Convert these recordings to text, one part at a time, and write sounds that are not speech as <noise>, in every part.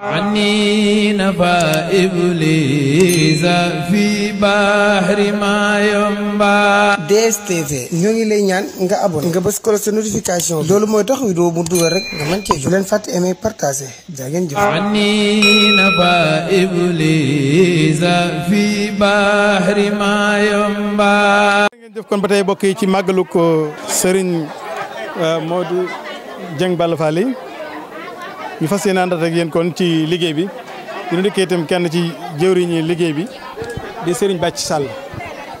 عني نفى إبليس في بحر ما ينبع DSTV ñoo ngi lay ñaan nga abonné nga bës ko sa notification loolu mooy tax vidéo mu dugal rek nga mën cee jox leen fàtte aimer partager jaa ngeen jëf عني نفى إبليس في بحر ما ينبع kon ba tey bokk yi ci màggalu ko uh, Serigne uh, Modou Dieng Balla ñu fas yéene àndaat ak yéen kon ci liggéey bi dina dikkee itam kenn ci jëwriñi liggéey bi di Serigne Bàcc Sall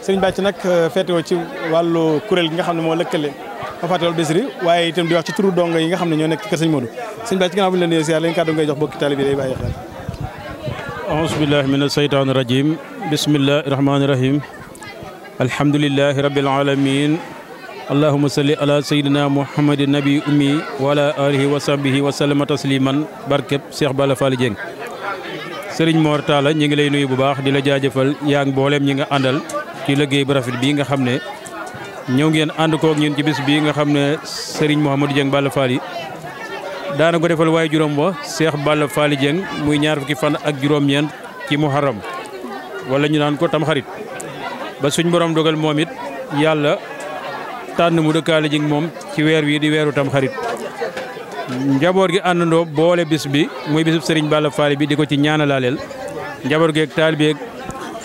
Serigne Bàcc nag euh, féetewoo ci wàllu kuréel gi nga xam ne moo lëkkale Fafatul Bichri waaye itam di wax ci turu dongo yi nga xam ne ñoo nekk ci kër Serigne Modou Serigne Bàcc gannaaw bu ñu la nuyoo si yàlla leen kàddu ngay jox bokki taalibe yi day bàyyi xel aouzu billahi min asheytaani rajim bismillahi rahmaani rahim alhamdulilahi rabbil اللهم صل على سيدنا محمد النبي أمي وعلى آله وصحبه وسلم تسليما بركب شيخ بالا فال جينغ sëriñ Mor Talla ñu ngi lay nuyu di la jaajëfal yaa ngi mbooleem ñi nga àndal ci liggéey bu rafet bii nga xam ne ñëw ngeen ànd koog ñun ci bis bii nga xam ne sëriñ Mouhamadou Dieng wala ñu naan ko tam dogal moom it tànn mu dëkkaale jig moom ci weer wii di weeru tam xarit njaboot gi àndandoo boole bis bi muy bisub sëriñ Balla Fall bi di ko ci ñaanalaaleel njaboot geeg taalibeeg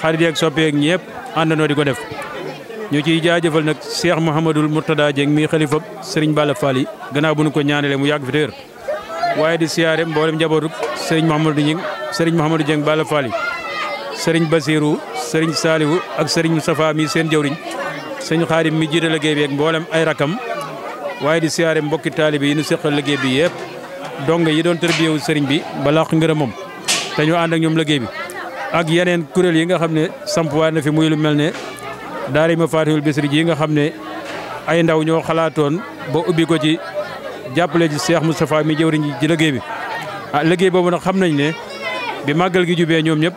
xarit yeeg soppeeg ñëpp àndandoo di ko def ñu ciy jaajëfal nag Cheikh Mouhamadul Mourtada Dieng mi xalifa Serigne Balla Fall yi bu ko ñaanalee mu yàgg fi téer waaye di siyaare mboole njabootu Serigne Mouhamadou Dieng Serigne Mouhamadou Dieng Balla Fall sëriñ Serigne Basirou Serigne Salihu ak Serigne Moustapha mi seen jëwriñ sëñ xaadim mi jiite liggéey bi ak mboolem ay rakam waaye di siyaare mbokki taalibe yi nu seqal liggéey bi yëpp dong yi doon tërbiyewu sëriñ bi ba làq ngërëmam moom ñu ànd ak ñoom liggéey bi ak yeneen kuréel yi nga xam ne sampwaay na fi muy lu mel ne daara ma faatihul bisri ji nga xam ne ay ndaw ñoo xalaatoon ba ubbi ko ci jàppale ci Cheikh Moustapha mi jëwriñ ji ci liggéey bi a ah, liggéey boobu nag xam nañ ne bi màggal gi jubee ñoom ñëpp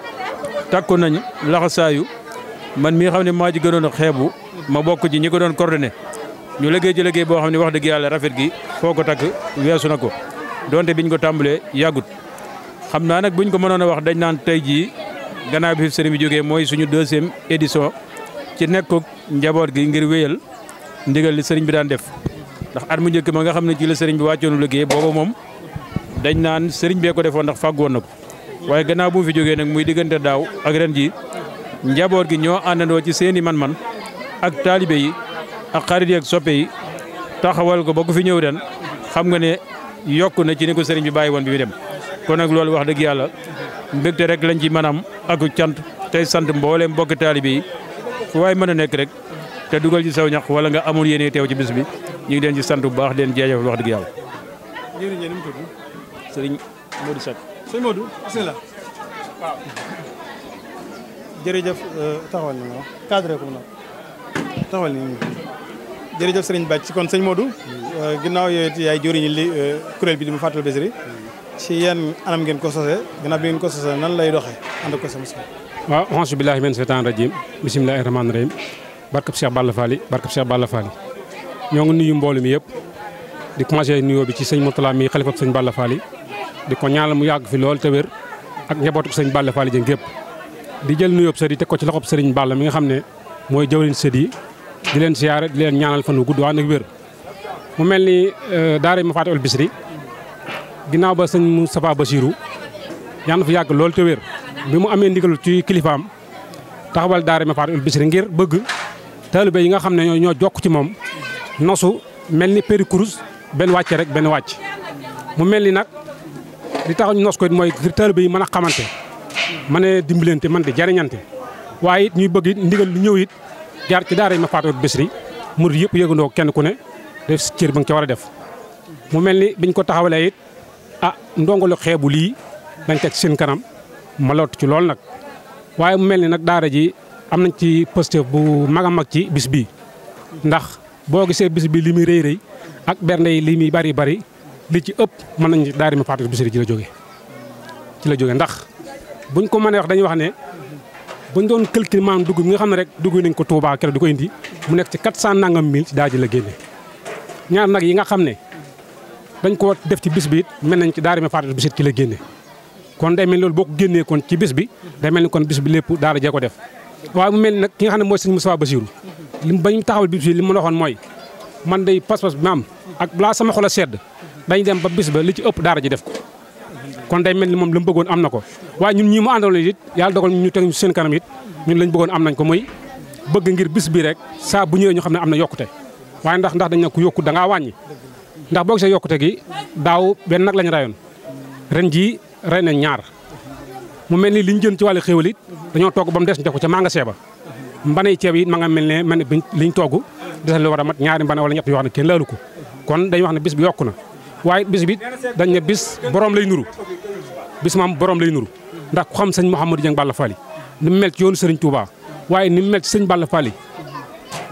takku nañ laxasaayu man mi xam ne maa ji gënoon xeebu ma bokk ci ñi ko doon coordonné ñu liggéey ci liggéey boo xam ne wax dëgg yàlla rafet gi foo ko takk weesu na ko donte biñ ko tàmbalee yàggut xam naa nag buñ ko mënoon a wax dañ naan tey jii gannaaw bi fi sëriñ bi jógee mooy suñu deuxième édition ci nekkuk njaboot gi ngir wéyal ndigal li sëriñ bi daan def ndax at mu njëkk ma nga xam ne ci la sëriñ bi wàccoonu liggéey booba moom dañ naan sëriñ bee ko defoon ndax fàggoon na ko waaye gannaaw bu fi jógee nag muy diggante daaw ak ren njaboot gi ñoo àndandoo ci seeni man-man ak taalibe yi ak xarit yi ak soppe yi taxawal ko ba ku fi ñëw den xam nga ne yokku na ci ni ko sëriñ bi bàyyi woon bi dem kon ak loolu wax dëgg yàlla mbégte rek lañ ci manam ak cant tey sant mbooleem bokk taalibe yi fu waay mën a nekk rek te dugal ci saw ñax wala nga amul yéene teew ci bis bi ñu ngi leen ci sant bu baax leen jeejëfal wax dëgg yàlla sëriñ Modou sak sëriñ Modou bismillah waaw jërëjëf euh, taxawal ni ma cadré na taxawal ni jërëjëf sëriñ kon sëñ Modou euh, ginnaaw yooyu it yaay jëriñu li euh, kuréel bi di ma fàttali Bichri si yenn anam ngeen ko sosee ginnaaw bi ngeen ko sosee nan lay doxee ànd ko sama sëñ waaw ansu billaahi min seytaan rajim bismillaahi rahmaani rahim barkab Cheikh Balla Faali barkab Cheikh Balla Faali ñoo ngi nuyu mboolu mi yëpp di commencé nuyoo bi ci sëñ Moutala mii xalifab sëñ Balla Faali di ko ñaanal mu yàgg fi lool te wér ak njabootu sëñ Balla Faali jën gépp di jël nuyoo sët yi teg ko ci loxob sëriñ Balla mi nga xam ne mooy jëwriñ sët di leen siyaare di leen ñaanal fan wu gudd ànd ak wér. mu mel ni euh, daara ma faati ol ginnaaw ba sëñ Moustapha Bassirou yàlla na fa yàgg loolu te wér bi mu amee ndigal ci kilifaam taxawal daara ma faati ol ngir bëgg taalibe yi nga xam ne ñoo jokk ci moom nosu mel ni kurus benn wàcce rek benn wàcc mu mel ni nag di tax ñu nos ko it mooy taalibe yi mën a xamante. mën a dimbalante man di jariñante waaye it ñuy bëgg it ndigal lu ñëw it jaar ci daara yi ma faatoo Bichri murid yëpp yëgandoo kenn ku ne def si cër nga ca war a def mu mel ni biñ ko taxawalee it ah ndongalu xeebu lii dañ teg seen kanam ma lott ci loolu nag waaye mu mel ni nag daara ji am nañ ci poste bu mag mag ci bis bii ndax boo gisee bis bi li muy rëy rëy ak bernde yi li muy bari bari li ci ëpp mën nañ daara ma faatoo Bichri ci la jóge ci la jóge ndax bu ñu ko mënee wax dañuy wax ne bu buñ doon calcul maanaam dugub bi nga xam ne rek dugub nañ ko Touba keroog di ko indi mu nekk ci 400 nangam mille ci daa ji la génne ñaar nag yi nga xam ne dañ ko def ci bis bi mel nañ ci daara ma faatu bisit ci la génne kon day mel loolu boo génnee kon ci bis bi day mel ni kon bis bi lépp daara jee ko def waaye mu mel nag ki nga xam ne mooy mu Moustapha Bassirou lim bañ taxawal bis bi li mu waxoon mooy man day pas-pas bi ma am sama xol sedd dañ dem ba bis ba li ci ëpp daara ji def ko kon day mel ni moom la mu bëggoon am na ko waaye ñun ñii mu àndaloon it yàlla dogal ñu te ñu seen kanam ñun lañ bëggoon am nañ ko muy bëgg ngir bis bi rek saa bu ñëwee ñu xam ne am na yokkute waaye ndax ndax dañ ne ku yokku dangaa ngaa wàññi ndax boo gisee yokkute gi daaw benn nag lañ rayoon ren ji rey nañ ñaar mu mel ni li ñu jën ci wàllu xéwal dañoo togg ba mu des ñu def ko ca magasin ba mbanay ceeb yi ma nga mel ne man liñ togg desal lu war mat ñaari mbana wala ñett yoo xam ne kenn laalu ko kon dañuy wax ne bis bi na waaye bis bi dañ ne bis borom lay nuru bis maam borom lay nuru ndax ku xam sëñ Mouhamadou Dieng Balla Fally ni mu mel ci yoonu Serigne Touba waaye ni mu mel ci sëñ Balla Fally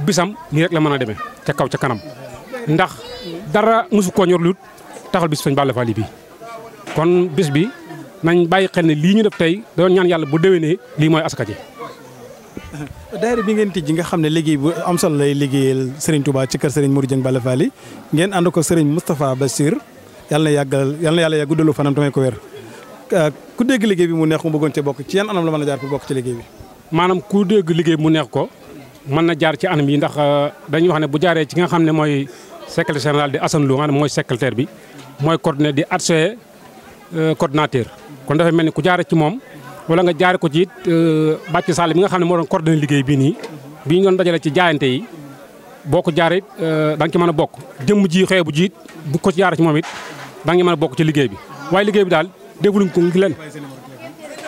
bisam nii rek la mën a demee ca kaw ca kanam ndax dara mosu koo ñor lut taxal bis sëñ Balla Fally bi kon bis bi nañ bàyyi xel ne lii ñu def tey doon ñaan yàlla bu déwénee lii mooy aska ji <laughs> daayira bi ngeen tijji nga xam ne liggéey bu am solo lay liggéeyal Serigne Touba ci kër Serigne Modou Dieng Balla Fally ngeen ànd ko Serigne Moustapha Bassir yàlla na yàggal yàlla yàlla yàgg guddalu fanam tamay ko wér ku dégg liggéey bi mu neex mu bëggoon ci bokk ci yan anam la mën a jaar pour bokk ci liggéey bi. maanaam ku dégg liggéey mu neex ko mën na jaar ci anam yi ndax euh, dañuy wax ne bu jaaree ci nga xam ne mooy secrétaire général di ason Lo nga ne mooy secrétaire bi mooy coordonné di adjoint euh, coordonnateur kon dafa mel ni ku jaaree ci moom wala nga jaare ko ci euh, bàcc Sall mi nga xam ne moo doon coordonné liggéey bii nii bi ñu doon dajale ci jaayante yi boo ko jaaree euh, da nga ci mën a bokk jëmm ji xeebu jiit bu ko jaaree ci moom it da nga mën a bokk ci liggéey bi waaye liggéey bi daal dégluñ ko ngi leen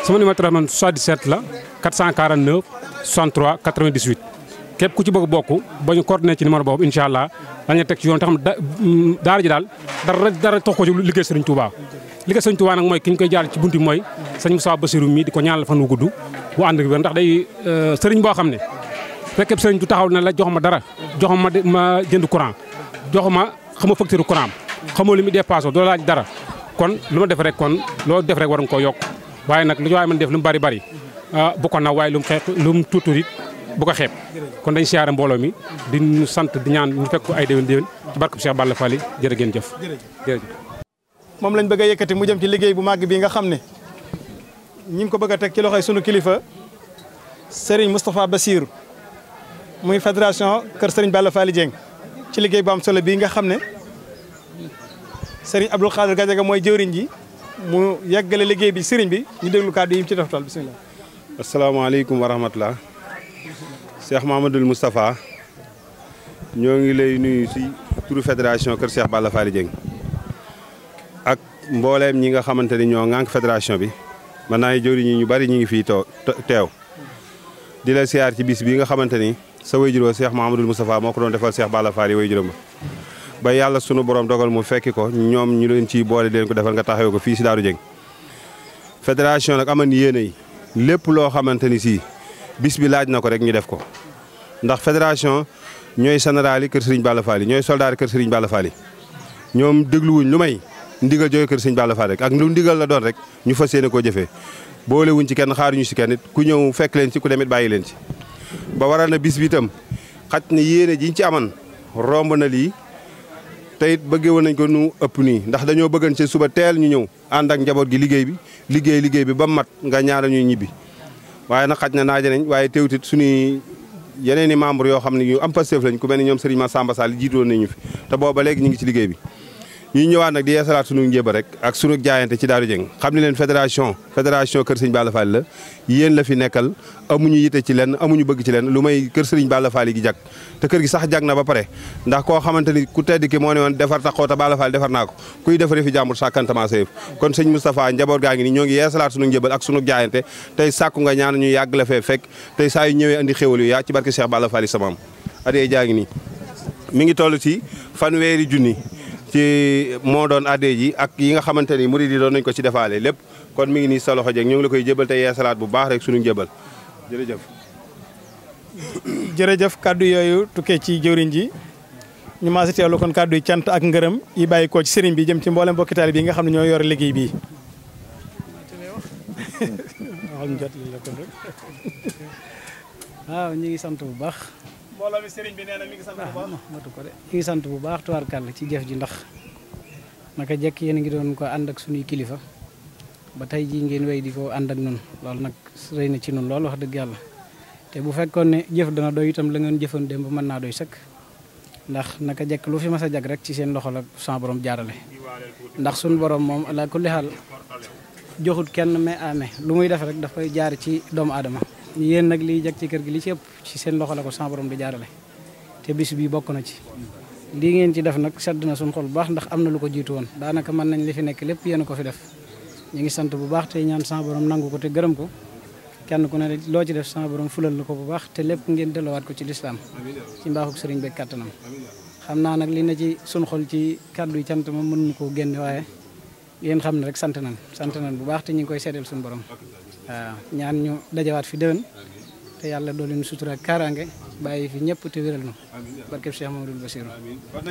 sama numéro téléphone 77 la 449 63 98 képp ku ci bëgg bokk ba ñu coordonné ci numéro boobu incha allah dañu teg ci yoon te xam mm, daara ji daal dara dara tax ko ci liggéey Sëriñ Touba liggéey Sëriñ Touba nag mooy ki ñu koy jaar ci bunti mooy sëñ Moussa Bassirou mii di ko ñaanal fan wu gudd bu ànd ak wér ndax day euh, sëriñ boo xam ne fekkee sëriñ du taxaw na la jox ma dara jox ma ma jënd courant jox ma xam ma facture courant xamoo li mu dépassé doo laaj dara kon lu ma def rek kon loo def war nga koo yokk waaye nag lu ñu waaye def lu mu bari bari ah, bu ko naw waaye lu mu xeex lu mu tuut tuut it bu ko xeeb kon dañ siyaare mbooloo mi di ñu sant di ñaan mu fekk ay déwén déwén ci barke Cheikh Balla Fally jërë ngeen jëf. jërëjëf moom lañ bëgg a yëkkati mu jëm ci liggéey bu màgg bi nga xam ne ñi ngi ko bëgg teg ci loxoy sunu kilifa Serigne Moustapha Bassirou muy fédération kër sëriñ Balla Fally ci liggéey bu am solo bii nga xam ne Serigne Abdoul Khadir Gadiaga mooy jëwriñ ji mu yeggale liggéey bi Serigne bi ñu déglu kàddu yi mu ci toftal bisimilah. asalaamaaleykum wa rahmatulah. Cheikh Mahamadoul Moustapha ñoo ngi lay nuyu si turu fédération kër Cheikh Balla Fally ak mbooleem ñi nga xamante ni ñoo ŋànk fédération bi. man naa ne jëwriñ yi ñu bari ñu ngi fii too teew di la siyaar ci bis bi nga xamante ni sa wayjur wa Cheikh Mouhamadoul Moustapha moo ko doon defal Cheikh Balla Fall yi wayjuram ba ba yàlla sunu borom dogal mu fekki ko ñoom ñu leen ciy boole leen ko defal nga taxawee ko fii si Daaru Jëng fédération nag aman yéene yi lépp loo xamante ni si bis bi laaj na ko rek ñu def ko ndax fédération ñooy général yi kër Serigne Balla ñooy soldat kër Serigne Balla Fall yi ñoom dégluwuñ may ndigal jooy kër sëñ Balla Fall rek ak lu ndigal la doon rek ñu fas yéene koo jëfee boolewuñ ci kenn ñu ci kenn it ku ñëw fekk leen ci ku demit bàyyi leen ci ba waral na bis bi itam xaj na yéene jiñ ci aman romb na lii te it bëggee woon ko nu ëpp nii ndax dañoo bëggan ci suba teel ñu ñëw ànd ak njaboot gi liggéey bi liggéey liggéey bi ba mat nga ñaara ñu ñibbi waaye nag xaj na naaje nañ waaye teewtit suñuy yeneen i membre yoo xam ne yu am Pastef lañ ku mel ni ñoom Serigne Massamba Sall jiitu nañu fi te booba léegi ñu ngi ci liggéey bi ñuy ñëwaat nag di yeesalaat sunu njéba rek ak sunu jaayante ci Daaru Jëng xam ne leen fédération fédération Kër Sëriñ Balla Fall la yéen la fi nekkal amuñu yite ci lenn amuñu bëgg ci lenn lu may Kër Sëriñ Balla gi jag te kër gi sax jag na ba pare ndax koo xamante ni ku tedd moo ne woon defar taxoo ta Balla Fall defar naa ko kuy defari fi jàmbur sàkkantama sayëf kon sëñ Moustapha njaboot gaa ngi ni ñoo ngi yeesalaat sunu njébal ak sunu jaayante ci moo doon addee ji ak yi nga xamante ni murid yi doon nañ ko ci defaale lépp kon mi ngi nii sa loxo jeeg ñu ngi la koy jébal te yeesalaat bu baax rek suñu jébal jërëjëf. jërëjëf kàddu yooyu tukkee ci jëwriñ ji ñu maa si teewlu kon kàddu yi cant ak ngërëm yi bàyyi ko ci sëriñ bi jëm ci mboolem mbokki taalibe bi nga xam ne ñoo yor liggéey bii. <laughs> waaw ñu ngi sant bu baax. mbooloo mi sëriñ bi nee na mi ngi sant bu ah, baax matu ko de mi ngi sant bu baax tubaarkàlla ci jëf ji ndax naka jekk yéen ngi doon ko ànd ak suñuy kilifa ba tey jii ngeen wéy di ko ak nun loolu nak rëy na ci nun loolu wax dëgg yàlla te bu fekkoon ne jëf dana doy itam la ngeen jëfoon démb mën naa doy sëkk ndax naka jekk lu fi mas jag rek ci seen borom jaarale ndax suñu borom moom ala kulli xaal joxut kenn me amee lu muy def rek dafay jaar ci yen nak li jak ci kër gi li ci ëpp ci seen loxo la ko sama borom di jaarale te bis bi bokk na ci li ngeen ci def nak sedd na suñ xol bu baax ndax amna lu ko jiitu woon daanaka man nañ li fi nek lepp yeen ko fi def ñi ngi sant bu baax te ñaan sama borom nangu ko te gërëm ko kenn ku ne lo ci def sama borom fulal la ko bu baax te lepp ngeen wat ko ci l'islam ci mbaxu sëriñ bekk katanam xamna nak li na ci sun xol ci kaddu ciant ma ko genn waye yeen rek sant nañ sant nañ bu baax te ñi ngi koy sédel borom waaw ñaan ñu dajawaat fi déwén te yàlla doole ñu sutura kaaraange bàyyi fi ñëpp te wéral ñu barkeb Cheikh Mamadou Bassirou war na